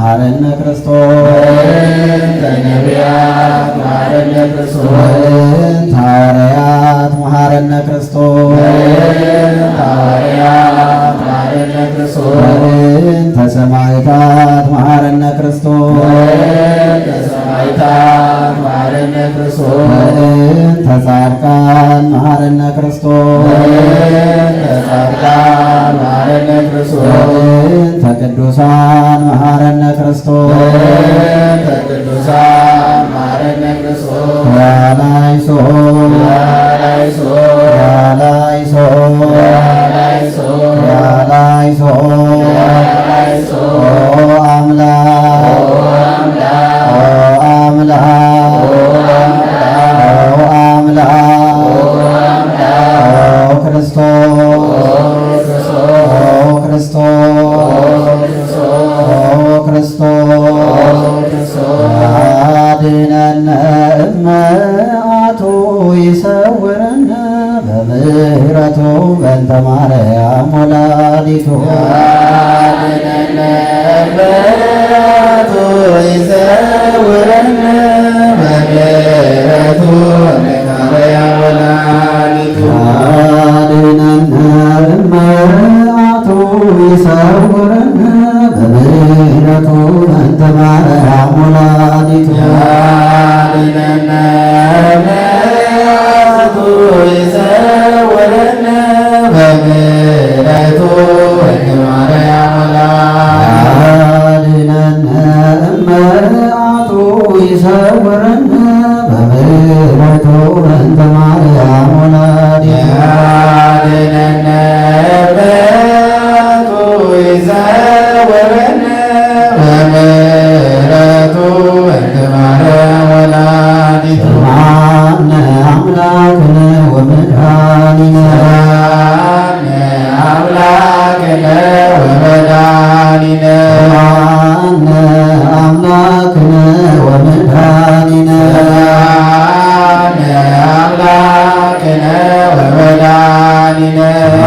መሐረነ ክርስቶስ ተነቢያት መሐረነ ክርስቶስ ታሪያት መሐረነ ክርስቶስ ተሰማይታት መሐረነ ክርስቶስ ተሰማይታት መሐረነ ክርስቶስ ተጻድቃን መሐረነ ክርስቶስ ተጻድቃን መሐረነ ክርስቶስ ተቅዱሳን መሐረነ ክርስቶስ ተቅዱሳን መሐረነ ክርስቶስ ያላይሶ ያላይሶ ያላይሶ ያላይሶ ያላይሶ አምላክ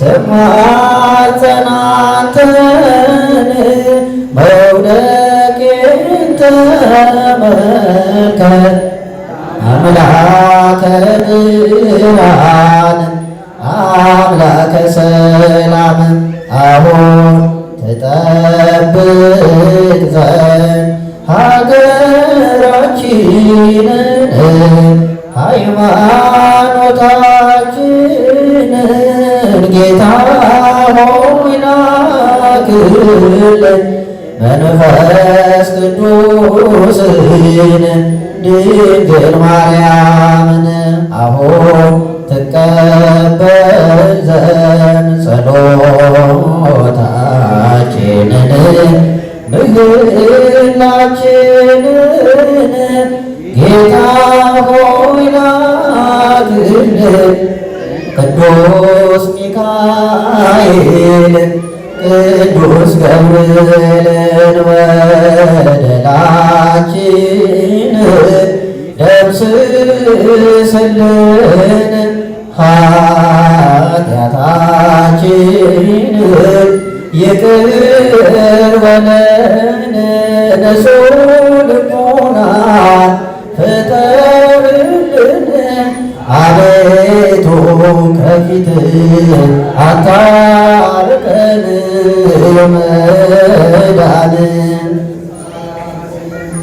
ተማጸናንተን መውደቄን ተመልከት አምላከ ይሁን መንፈስ ቅዱስን ድንግል ማርያምን አሁን ትቀበል ዘንድ ጸሎታችንን ምህላችንን ጌታ ሆይ ላክልን ቅዱስ ሚካኤል ቅዱስ ገብርኤልን ወደላችን ደምስስልን ኃጢአታችን ይቅር በለን ንጹሕ ልቦና ፍጠርልን አቤቱ ከፊት አታ መዳን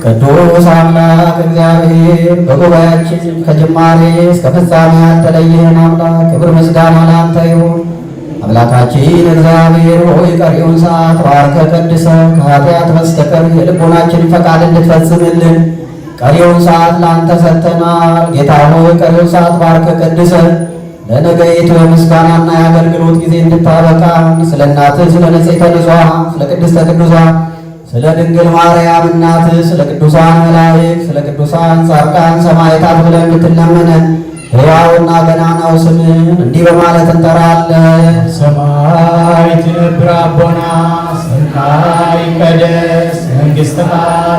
ቅዱስ አምላክ እግዚአብሔር በጉባኤያችን ከጅማሬ እስከ ፍጻሜ ያልተለየህን አምላክ ክብር ምስጋና ላንተ ይሁን። አምላካችን እግዚአብሔር ሆይ ቀሪውን ሰዓት ባርከ ቀድሰ ከኃጢአት በስተቀር የልቦናችንን ፈቃድ እንድትፈጽምልን ቀሪውን ሰዓት ለአንተ ሰጥተናል። ጌታ ሆይ ቀሪውን ሰዓት ባርከ ቀድሰ ለነገይቱ የምስጋናና የአገልግሎት ጊዜ እንድታበቃ ስለ እናትህ ስለ ንጽሕተ ንጹሐን ስለ ቅድስተ ቅዱሳን ስለ ድንግል ማርያም እናትህ ስለ ቅዱሳን መላእክት ስለ ቅዱሳን ጻድቃን ሰማዕታት ብለህ እንድትለመነን ሕያውና ገናናው ስምህ እንዲህ በማለት እንጠራለን። ሰማይ ትነብር አቦና ሰናይ ይቀደስ መንግሥትከ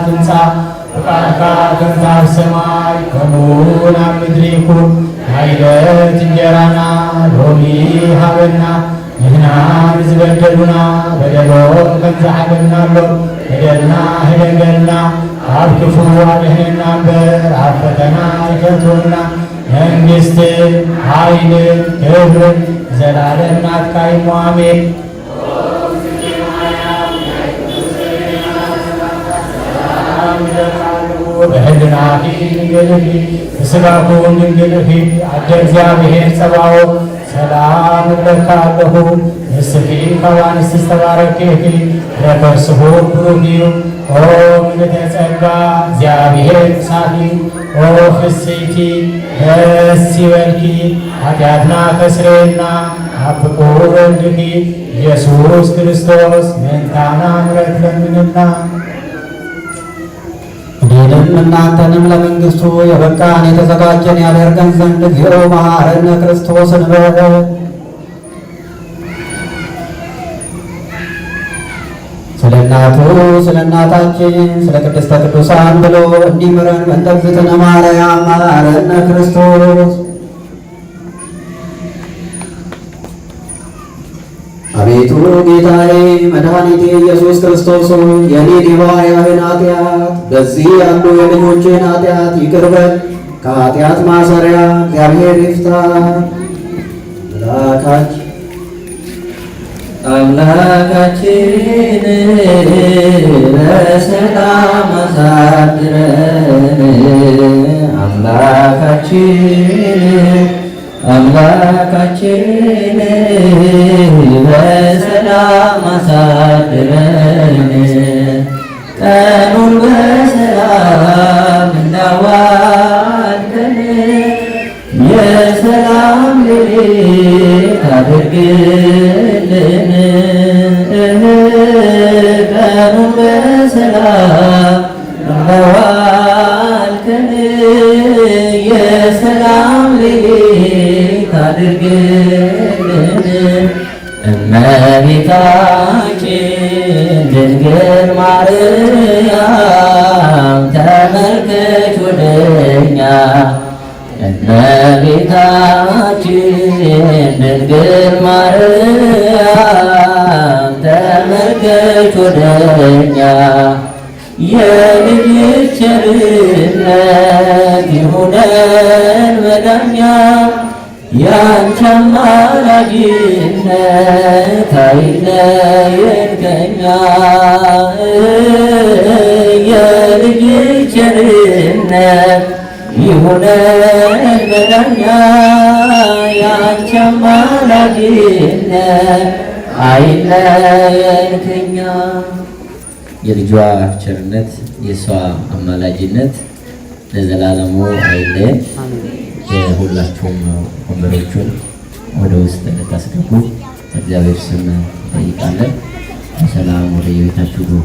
ትምጻእ ፈቃድከ በከመ በሰማይ ከሙና ምድሪኩ አይለት እንጀራና ሎሚ ሃበና ንሕና ንዝበደሉና በደሎም ከምዚ ዓለምና ኣሎ ህደልና ህደገልና ኣብ ክፉ ኣድሕነና እምበር ኣብ ፈተና ይፈትወና መንግሥቲ ኃይልን ክብርን ዘለዓለም ናትካ ይሞ በህልና ፊት ድንግል ፊት ፊት አደ እግዚአብሔር ጸባኦት ሰላም እለካለሁ ንስፊ ከዋንስ ተባረኬኪ ረከርስሁ ብሩኪዩ ኦ ምልዕተ ጸጋ እግዚአብሔር ሳፊ ኦ ፍስይቲ ደስ ይበልኪ ኃጢአትና ከስሬና አፍቁ ወልድኪ ኢየሱስ ክርስቶስ ምንታና ምረት ለምንና እኔንም እናንተንም ለመንግስቱ የበቃን የተዘጋጀን ያደርገን ዘንድ እግዚኦ መሐረነ ክርስቶስ እንበለ። ስለ እናቱ ስለ እናታችን ስለ ቅድስተ ቅዱሳን ብሎ እንዲምረን መንጠብዝትነ ማርያም መሐረነ ክርስቶስ አቤቱ ጌታዬ መድኃኒቴ ኢየሱስ ክርስቶስ ሆይ የኔ ዲባ ኃጢአት በዚህ ያሉ የልጆችን ኃጢአት ይቅር በል፣ ከኃጢአት ማሰሪያ እግዚአብሔር ይፍታ። ላካች አምላካችን በሰላም አሳድረን አምላካችን አምላካችን በሰላም አሳድረን ቀኑን በሰላም እንዳዋልከን የሰላም ሌሊት አድርግልን እንዴት አድርግልን እመቤታችን ድንግል ማርያም ተመልከች ወደኛ እመቤታችን ድንግል ማርያም ተመልከች ወደኛ የልጅ ቸርነት ይሁነን መዳኛ ያንተ አማላጅነት አይለየን ከኛ። የልጅ ቸርነት ይሁነን መዳኛ ያንተ አማላጅነት አይለየን ከኛ። የልጇ ቸርነት የእሷ አማላጅነት ለዘላለሙ አይለየን። የሁላችሁም ወንበሮቹን ወደ ውስጥ እንድታስገቡ እግዚአብሔር ስም እንጠይቃለን። በሰላም ወደ የቤታችሁ